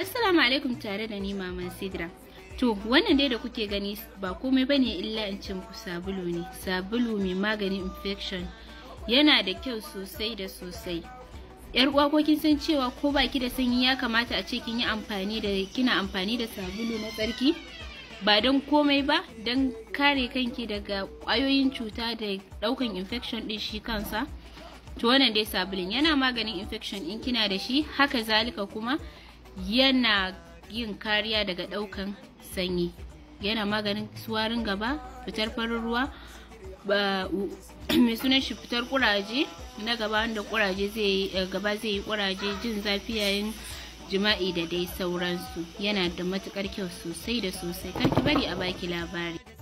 Assalamu alaikum tare da ni Maman Sidra. To, wannan dai da kuke gani ba komai bane illa in ce muku sabulu ne. Sabulu mai magani infection yana da kyau sosai da sosai. Yar uwa ko kin san cewa ko baki da sanyi ya kamata a ce kin yi amfani da kina amfani da sabulu na tsarki? Ba don komai ba, don kare kanki daga kwayoyin cuta da ɗaukan infection din shi kansa. To wannan dai sabulun yana maganin infection in kina da shi, haka zalika kuma yana yin kariya daga ɗaukan sanyi yana maganin suwarin gaba fitar farin ruwa mai sunan shi fitar kuraje na gaba wanda kuraje zai eh, gaba zai yi kuraje jin zafi yayin jima'i da dai sauransu yana da matukar kyau sosai da sosai karki bari a baki labari